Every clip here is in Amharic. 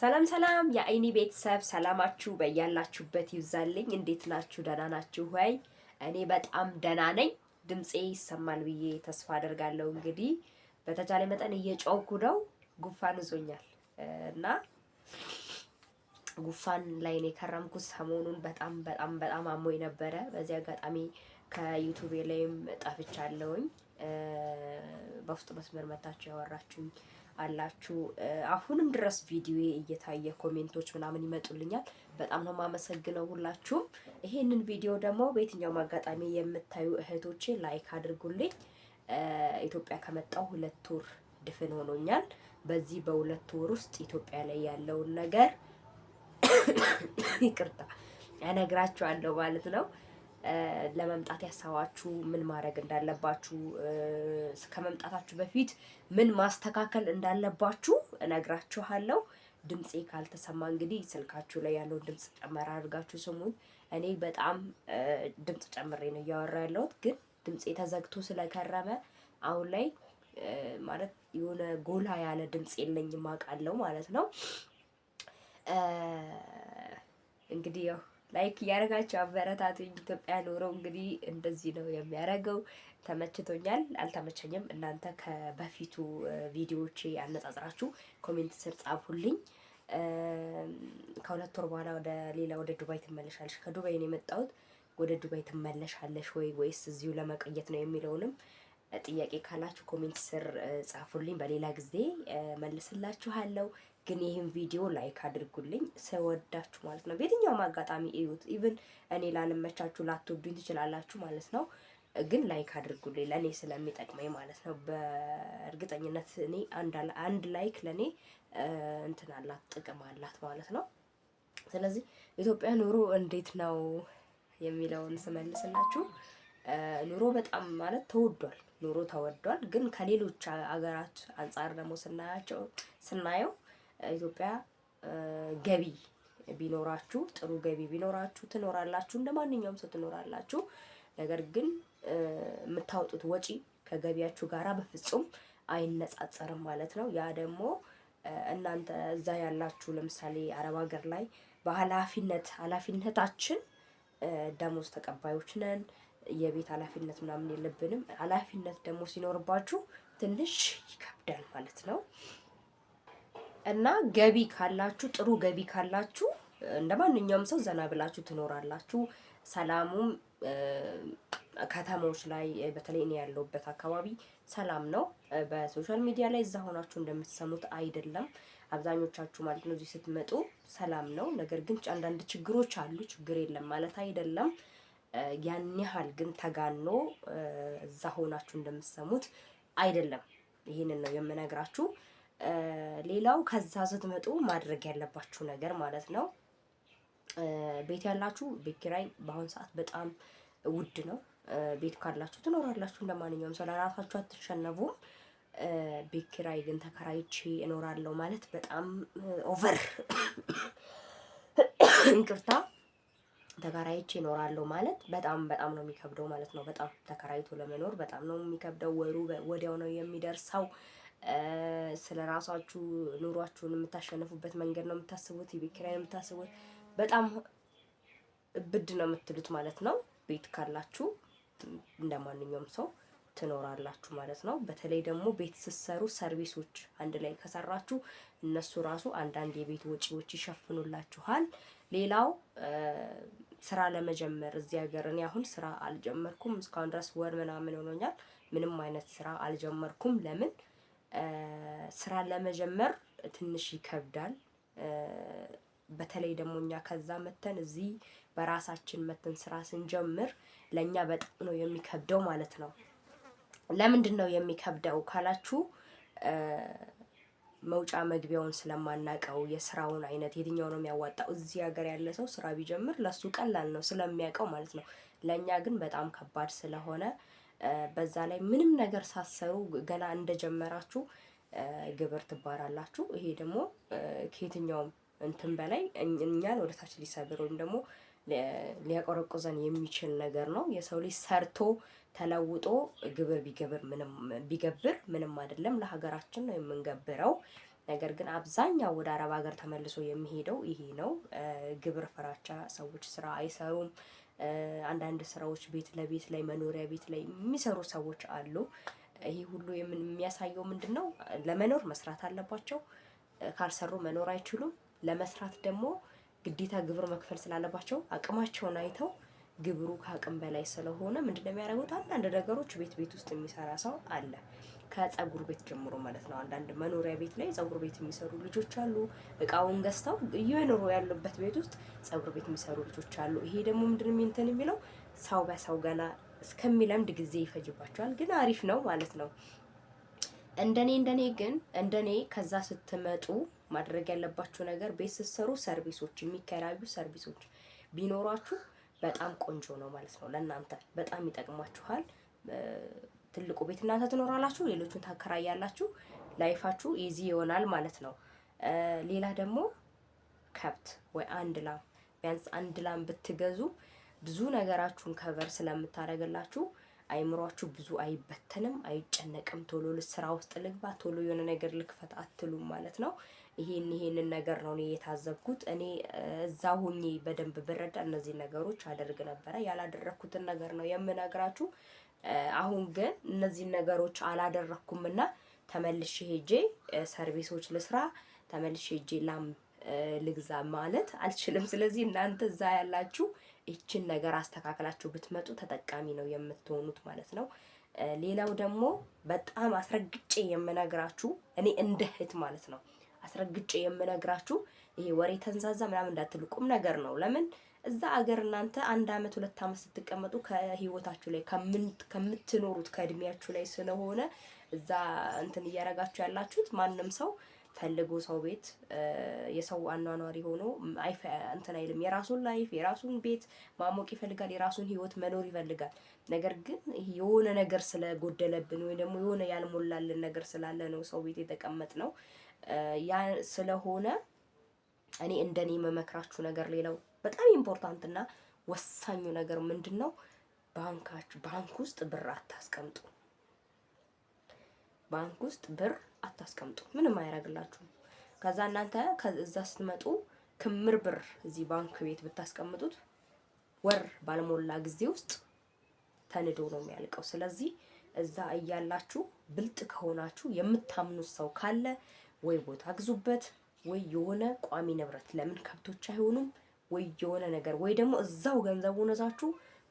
ሰላም ሰላም የአይኒ ቤተሰብ ሰላማችሁ በያላችሁበት ይብዛልኝ። እንዴት ናችሁ? ደህና ናችሁ ወይ? እኔ በጣም ደህና ነኝ። ድምፄ ይሰማል ብዬ ተስፋ አደርጋለሁ። እንግዲህ በተቻለ መጠን እየጮኩ ነው። ጉንፋን ይዞኛል እና ጉንፋን ላይ ነው የከረምኩት። ሰሞኑን በጣም በጣም በጣም አሞኝ ነበረ። በዚህ አጋጣሚ ከዩቱቤ ላይም ጠፍቻለሁኝ። በውስጥ መስመር መታችሁ ያወራችሁኝ አላችሁ። አሁንም ድረስ ቪዲዮ እየታየ ኮሜንቶች ምናምን ይመጡልኛል። በጣም ነው የማመሰግነው ሁላችሁም። ይሄንን ቪዲዮ ደግሞ በየትኛውም አጋጣሚ የምታዩ እህቶቼ ላይክ አድርጉልኝ። ኢትዮጵያ ከመጣው ሁለት ወር ድፍን ሆኖኛል። በዚህ በሁለት ወር ውስጥ ኢትዮጵያ ላይ ያለውን ነገር ይቅርታ እነግራችኋለሁ ማለት ነው። ለመምጣት ያሰባችሁ ምን ማድረግ እንዳለባችሁ ከመምጣታችሁ በፊት ምን ማስተካከል እንዳለባችሁ እነግራችኋለሁ። ድምፄ ካልተሰማ እንግዲህ ስልካችሁ ላይ ያለውን ድምፅ ጨመር አድርጋችሁ ስሙን። እኔ በጣም ድምፅ ጨምሬ ነው እያወራ ያለሁት፣ ግን ድምፄ ተዘግቶ ስለከረመ አሁን ላይ ማለት የሆነ ጎላ ያለ ድምፅ የለኝም አውቃለሁ ማለት ነው እንግዲህ ያው ላይክ እያደረጋችሁ አበረታቱኝ። ኢትዮጵያ ኖረው እንግዲህ እንደዚህ ነው የሚያደርገው። ተመችቶኛል፣ አልተመቸኝም። እናንተ ከበፊቱ ቪዲዮዎቼ ያነጻጽራችሁ ኮሜንት ስር ጻፉልኝ። ከሁለት ወር በኋላ ወደ ሌላ ወደ ዱባይ ትመለሻለሽ። ከዱባይ ነው የመጣሁት። ወደ ዱባይ ትመለሻለሽ ወይ ወይስ እዚሁ ለመቀየት ነው የሚለውንም ጥያቄ ካላችሁ ኮሜንት ስር ጻፉልኝ። በሌላ ጊዜ መልስላችኋለሁ። ግን ይህን ቪዲዮ ላይክ አድርጉልኝ ስወዳችሁ ማለት ነው። በየትኛውም አጋጣሚ እዩት። ኢቭን እኔ ላልመቻችሁ ላትወዱኝ ትችላላችሁ ማለት ነው። ግን ላይክ አድርጉልኝ ለእኔ ስለሚጠቅመኝ ማለት ነው። በእርግጠኝነት እኔ አንድ ላይክ ለእኔ እንትን አላት ጥቅም አላት ማለት ነው። ስለዚህ ኢትዮጵያ ኑሮ እንዴት ነው የሚለውን ስመልስላችሁ ኑሮ በጣም ማለት ተወዷል። ኑሮ ተወዷል፣ ግን ከሌሎች ሀገራት አንጻር ደግሞ ስናያቸው ስናየው ኢትዮጵያ ገቢ ቢኖራችሁ ጥሩ ገቢ ቢኖራችሁ ትኖራላችሁ፣ እንደ ማንኛውም ሰው ትኖራላችሁ። ነገር ግን የምታወጡት ወጪ ከገቢያችሁ ጋራ በፍጹም አይነጻጸርም ማለት ነው። ያ ደግሞ እናንተ እዛ ያላችሁ ለምሳሌ አረብ ሀገር ላይ በኃላፊነት ኃላፊነታችን ደሞዝ ተቀባዮች ነን። የቤት ኃላፊነት ምናምን የለብንም። ኃላፊነት ደግሞ ሲኖርባችሁ ትንሽ ይከብዳል ማለት ነው። እና ገቢ ካላችሁ ጥሩ ገቢ ካላችሁ እንደ ማንኛውም ሰው ዘና ብላችሁ ትኖራላችሁ። ሰላሙም ከተማዎች ላይ በተለይ እኔ ያለሁበት አካባቢ ሰላም ነው። በሶሻል ሚዲያ ላይ እዛ ሆናችሁ እንደምትሰሙት አይደለም አብዛኞቻችሁ ማለት ነው። እዚህ ስትመጡ ሰላም ነው። ነገር ግን አንዳንድ ችግሮች አሉ። ችግር የለም ማለት አይደለም። ያን ያህል ግን ተጋኖ እዛ ሆናችሁ እንደምትሰሙት አይደለም። ይህንን ነው የምነግራችሁ። ሌላው ከዛ ስትመጡ ማድረግ ያለባችሁ ነገር ማለት ነው ቤት ያላችሁ ቤት ኪራይ በአሁኑ ሰዓት በጣም ውድ ነው። ቤት ካላችሁ ትኖራላችሁ እንደማንኛውም ሰው ለራሳችሁ አትሸነፉም። ቤት ኪራይ ግን ተከራይቼ እኖራለሁ ማለት በጣም ኦቨር እንቅርታ ተከራይቼ እኖራለሁ ማለት በጣም በጣም ነው የሚከብደው ማለት ነው። በጣም ተከራይቶ ለመኖር በጣም ነው የሚከብደው። ወሩ ወዲያው ነው የሚደርሰው። ስለ ራሳችሁ ኑሯችሁን የምታሸንፉበት መንገድ ነው የምታስቡት። የቤት ኪራይ ነው የምታስቡት። በጣም ብድ ነው የምትሉት ማለት ነው። ቤት ካላችሁ እንደ ማንኛውም ሰው ትኖራላችሁ ማለት ነው። በተለይ ደግሞ ቤት ስትሰሩ ሰርቪሶች አንድ ላይ ከሰራችሁ እነሱ ራሱ አንዳንድ የቤት ወጪዎች ይሸፍኑላችኋል። ሌላው ስራ ለመጀመር እዚህ ሀገር እኔ አሁን ስራ አልጀመርኩም። እስካሁን ድረስ ወር ምናምን ሆኖኛል። ምንም አይነት ስራ አልጀመርኩም። ለምን ስራ ለመጀመር ትንሽ ይከብዳል። በተለይ ደግሞ እኛ ከዛ መተን እዚህ በራሳችን መተን ስራ ስንጀምር ለእኛ በጣም ነው የሚከብደው ማለት ነው። ለምንድን ነው የሚከብደው ካላችሁ መውጫ መግቢያውን ስለማናቀው የስራውን አይነት የትኛው ነው የሚያዋጣው። እዚህ ሀገር ያለ ሰው ስራ ቢጀምር ለሱ ቀላል ነው ስለሚያውቀው ማለት ነው። ለእኛ ግን በጣም ከባድ ስለሆነ በዛ ላይ ምንም ነገር ሳትሰሩ ገና እንደጀመራችሁ ግብር ትባላላችሁ። ይሄ ደግሞ ከየትኛውም እንትን በላይ እኛን ወደታች ሊሰብር ወይም ደግሞ ሊያቆረቁዘን የሚችል ነገር ነው። የሰው ልጅ ሰርቶ ተለውጦ ግብር ቢገብር ምንም አይደለም፣ ለሀገራችን ነው የምንገብረው። ነገር ግን አብዛኛው ወደ አረብ ሀገር ተመልሶ የሚሄደው ይሄ ነው። ግብር ፍራቻ ሰዎች ስራ አይሰሩም። አንዳንድ ስራዎች ቤት ለቤት ላይ መኖሪያ ቤት ላይ የሚሰሩ ሰዎች አሉ። ይሄ ሁሉ የሚያሳየው ምንድን ነው? ለመኖር መስራት አለባቸው። ካልሰሩ መኖር አይችሉም። ለመስራት ደግሞ ግዴታ ግብር መክፈል ስላለባቸው አቅማቸውን አይተው ግብሩ ከአቅም በላይ ስለሆነ ምንድነው የሚያደርጉት? አንዳንድ ነገሮች ቤት ቤት ውስጥ የሚሰራ ሰው አለ። ከጸጉር ቤት ጀምሮ ማለት ነው። አንዳንድ መኖሪያ ቤት ላይ ጸጉር ቤት የሚሰሩ ልጆች አሉ። እቃውን ገዝተው እየኖሩ ያሉበት ቤት ውስጥ ጸጉር ቤት የሚሰሩ ልጆች አሉ። ይሄ ደግሞ ምንድን እንትን የሚለው ሰው በሰው ገና እስከሚለምድ ጊዜ ይፈጅባቸዋል፣ ግን አሪፍ ነው ማለት ነው። እንደኔ እንደኔ ግን እንደኔ ከዛ ስትመጡ ማድረግ ያለባችሁ ነገር ቤት ስትሰሩ ሰርቪሶች፣ የሚከራዩ ሰርቪሶች ቢኖሯችሁ በጣም ቆንጆ ነው ማለት ነው። ለእናንተ በጣም ይጠቅማችኋል። ትልቁ ቤት እናንተ ትኖራላችሁ፣ ሌሎቹን ታከራያላችሁ። ላይፋችሁ ኢዚ ይሆናል ማለት ነው። ሌላ ደግሞ ከብት ወይ አንድ ላም ቢያንስ አንድ ላም ብትገዙ ብዙ ነገራችሁን ከበር ስለምታደርግላችሁ አይምሯችሁ ብዙ አይበተንም፣ አይጨነቅም። ቶሎ ስራ ውስጥ ልግባ፣ ቶሎ የሆነ ነገር ልክፈት አትሉም ማለት ነው። ይሄን ይሄንን ነገር ነው እኔ የታዘብኩት። እኔ እዛ ሆኜ በደንብ ብረዳ እነዚህ ነገሮች አደርግ ነበረ። ያላደረግኩትን ነገር ነው የምነግራችሁ። አሁን ግን እነዚህን ነገሮች አላደረግኩምና ተመልሼ ሄጄ ሰርቪሶች ልስራ፣ ተመልሼ ሄጄ ላም ልግዛ ማለት አልችልም። ስለዚህ እናንተ እዛ ያላችሁ ይችን ነገር አስተካክላችሁ ብትመጡ ተጠቃሚ ነው የምትሆኑት ማለት ነው። ሌላው ደግሞ በጣም አስረግጬ የምነግራችሁ እኔ እንደ እህት ማለት ነው አስረግጬ የምነግራችሁ ይሄ ወሬ ተንዛዛ ምናምን እንዳትልቁም ነገር ነው ለምን እዛ አገር እናንተ አንድ አመት ሁለት አመት ስትቀመጡ ከህይወታችሁ ላይ ከምትኖሩት ከእድሜያችሁ ላይ ስለሆነ እዛ እንትን እያረጋችሁ ያላችሁት ማንም ሰው ፈልጎ ሰው ቤት የሰው አኗኗሪ ሆኖ እንትን አይልም። የራሱን ላይፍ የራሱን ቤት ማሞቅ ይፈልጋል። የራሱን ህይወት መኖር ይፈልጋል። ነገር ግን የሆነ ነገር ስለጎደለብን ወይ ደግሞ የሆነ ያልሞላልን ነገር ስላለ ነው ሰው ቤት የተቀመጥ ነው። ያ ስለሆነ እኔ እንደኔ መመክራችሁ ነገር ሌላው በጣም ኢምፖርታንት እና ወሳኙ ነገር ምንድን ነው? ባንካችሁ ባንክ ውስጥ ብር አታስቀምጡ። ባንክ ውስጥ ብር አታስቀምጡ። ምንም አያደርግላችሁም። ከዛ እናንተ ከዛ ስትመጡ ክምር ብር እዚህ ባንክ ቤት ብታስቀምጡት ወር ባልሞላ ጊዜ ውስጥ ተንዶ ነው የሚያልቀው። ስለዚህ እዛ እያላችሁ ብልጥ ከሆናችሁ የምታምኑት ሰው ካለ ወይ ቦታ ግዙበት፣ ወይ የሆነ ቋሚ ንብረት ለምን ከብቶች አይሆኑም? ወይ የሆነ ነገር ወይ ደግሞ እዛው ገንዘቡን እዛችሁ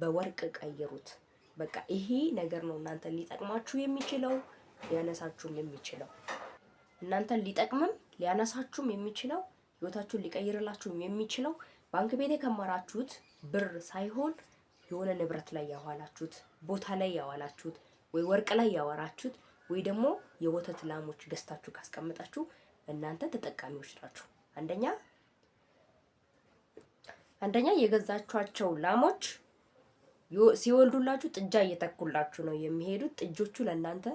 በወርቅ ቀይሩት። በቃ ይሄ ነገር ነው እናንተን ሊጠቅማችሁ የሚችለው ሊያነሳችሁም የሚችለው እናንተን ሊጠቅምም ሊያነሳችሁም የሚችለው ህይወታችሁን ሊቀይርላችሁም የሚችለው ባንክ ቤት የከመራችሁት ብር ሳይሆን የሆነ ንብረት ላይ ያዋላችሁት ቦታ ላይ ያዋላችሁት ወይ ወርቅ ላይ ያዋላችሁት ወይ ደግሞ የወተት ላሞች ገዝታችሁ ካስቀመጣችሁ እናንተ ተጠቃሚዎች ናችሁ። አንደኛ አንደኛ የገዛችኋቸው ላሞች ሲወልዱላችሁ ጥጃ እየተኩላችሁ ነው የሚሄዱት። ጥጆቹ ለእናንተ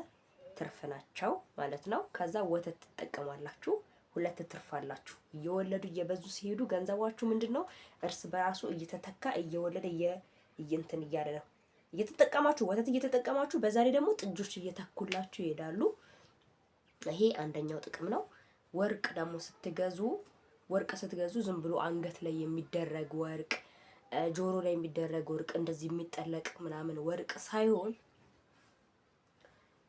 ትርፍ ናቸው ማለት ነው። ከዛ ወተት ትጠቀማላችሁ፣ ሁለት ትርፋላችሁ። እየወለዱ እየበዙ ሲሄዱ ገንዘባችሁ ምንድን ነው እርስ በራሱ እየተተካ እየወለደ እየእንትን እያለ ነው እየተጠቀማችሁ ወተት እየተጠቀማችሁ በዛሬ ደግሞ ጥጆች እየተኩላችሁ ይሄዳሉ። ይሄ አንደኛው ጥቅም ነው። ወርቅ ደግሞ ስትገዙ ወርቅ ስትገዙ ዝም ብሎ አንገት ላይ የሚደረግ ወርቅ፣ ጆሮ ላይ የሚደረግ ወርቅ፣ እንደዚህ የሚጠለቅ ምናምን ወርቅ ሳይሆን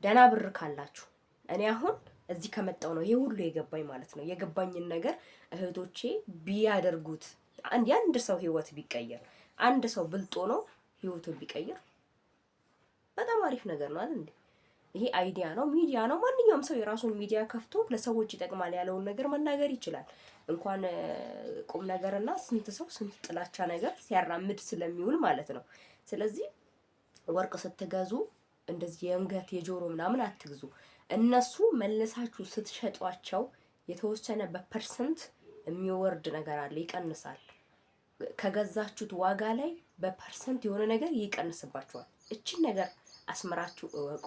ደህና ብር ካላችሁ እኔ አሁን እዚህ ከመጣው ነው ይሄ ሁሉ የገባኝ ማለት ነው። የገባኝን ነገር እህቶቼ ቢያደርጉት የአንድ ሰው ህይወት ቢቀየር አንድ ሰው ብልጦ ነው ህይወቱን ቢቀየር በጣም አሪፍ ነገር ነው አይደል እንዴ? ይሄ አይዲያ ነው፣ ሚዲያ ነው። ማንኛውም ሰው የራሱን ሚዲያ ከፍቶ ለሰዎች ይጠቅማል ያለውን ነገር መናገር ይችላል። እንኳን ቁም ነገርና ስንት ሰው ስንት ጥላቻ ነገር ሲያራምድ ስለሚውል ማለት ነው። ስለዚህ ወርቅ ስትገዙ እንደዚህ የአንገት የጆሮ ምናምን አትግዙ። እነሱ መልሳችሁ ስትሸጧቸው የተወሰነ በፐርሰንት የሚወርድ ነገር አለ፣ ይቀንሳል። ከገዛችሁት ዋጋ ላይ በፐርሰንት የሆነ ነገር ይቀንስባችኋል። እችን ነገር አስምራችሁ እወቁ።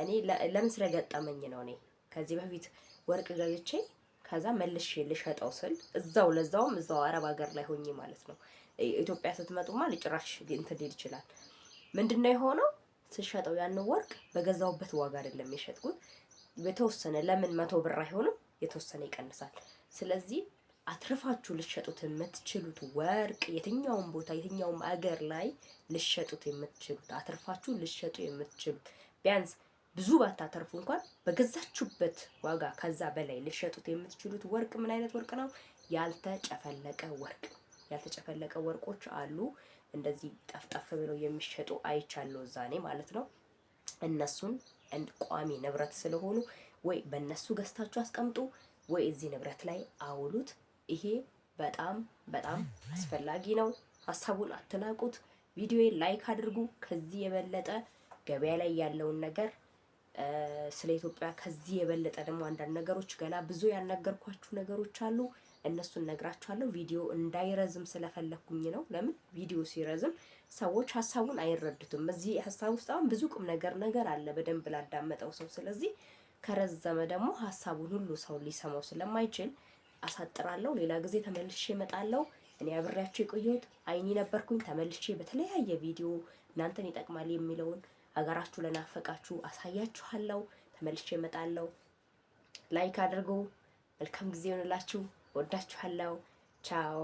እኔ ለምን ስለገጠመኝ ነው። እኔ ከዚህ በፊት ወርቅ ገዝቼ ከዛ መልሼ ልሸጠው ስል እዛው ለዛውም እዛው አረብ ሀገር ላይ ሆኜ ማለት ነው። ኢትዮጵያ ስትመጡማ ልጭራሽ እንትን ሊል ይችላል። ምንድነው የሆነው? ስሸጠው ያንን ወርቅ በገዛውበት ዋጋ አይደለም የሸጥኩት። የተወሰነ ለምን መቶ ብር አይሆንም የተወሰነ ይቀንሳል። ስለዚህ አትርፋችሁ ልሸጡት የምትችሉት ወርቅ የትኛውም ቦታ የትኛውም አገር ላይ ልሸጡት የምትችሉት አትርፋችሁ ልሸጡ የምትችሉት ቢያንስ ብዙ ባታተርፉ እንኳን በገዛችሁበት ዋጋ ከዛ በላይ ልሸጡት የምትችሉት ወርቅ ምን አይነት ወርቅ ነው? ያልተጨፈለቀ ወርቅ። ያልተጨፈለቀ ወርቆች አሉ እንደዚህ ጠፍጠፍ ብለው የሚሸጡ አይቻለሁ፣ እዛ ማለት ነው። እነሱን ቋሚ ንብረት ስለሆኑ ወይ በእነሱ ገዝታችሁ አስቀምጡ፣ ወይ እዚህ ንብረት ላይ አውሉት። ይሄ በጣም በጣም አስፈላጊ ነው። ሀሳቡን አትናቁት። ቪዲዮ ላይክ አድርጉ። ከዚህ የበለጠ ገበያ ላይ ያለውን ነገር ስለ ኢትዮጵያ ከዚህ የበለጠ ደግሞ አንዳንድ ነገሮች ገና ብዙ ያናገርኳችሁ ነገሮች አሉ። እነሱን ነግራችኋለሁ። ቪዲዮ እንዳይረዝም ስለፈለግኩኝ ነው። ለምን ቪዲዮ ሲረዝም ሰዎች ሀሳቡን አይረዱትም። በዚህ ሀሳብ ውስጥ አሁን ብዙ ቁም ነገር ነገር አለ በደንብ ላዳመጠው ሰው። ስለዚህ ከረዘመ ደግሞ ሀሳቡን ሁሉ ሰው ሊሰማው ስለማይችል አሳጥራለሁ። ሌላ ጊዜ ተመልሼ እመጣለሁ። እኔ አብሬያችሁ የቆየሁት አይኒ ነበርኩኝ። ተመልሼ በተለያየ ቪዲዮ እናንተን ይጠቅማል የሚለውን ሀገራችሁ ለናፈቃችሁ አሳያችኋለሁ። ተመልሼ እመጣለሁ። ላይክ አድርጉ። መልካም ጊዜ ይሆንላችሁ። ወዳችኋለሁ። ቻው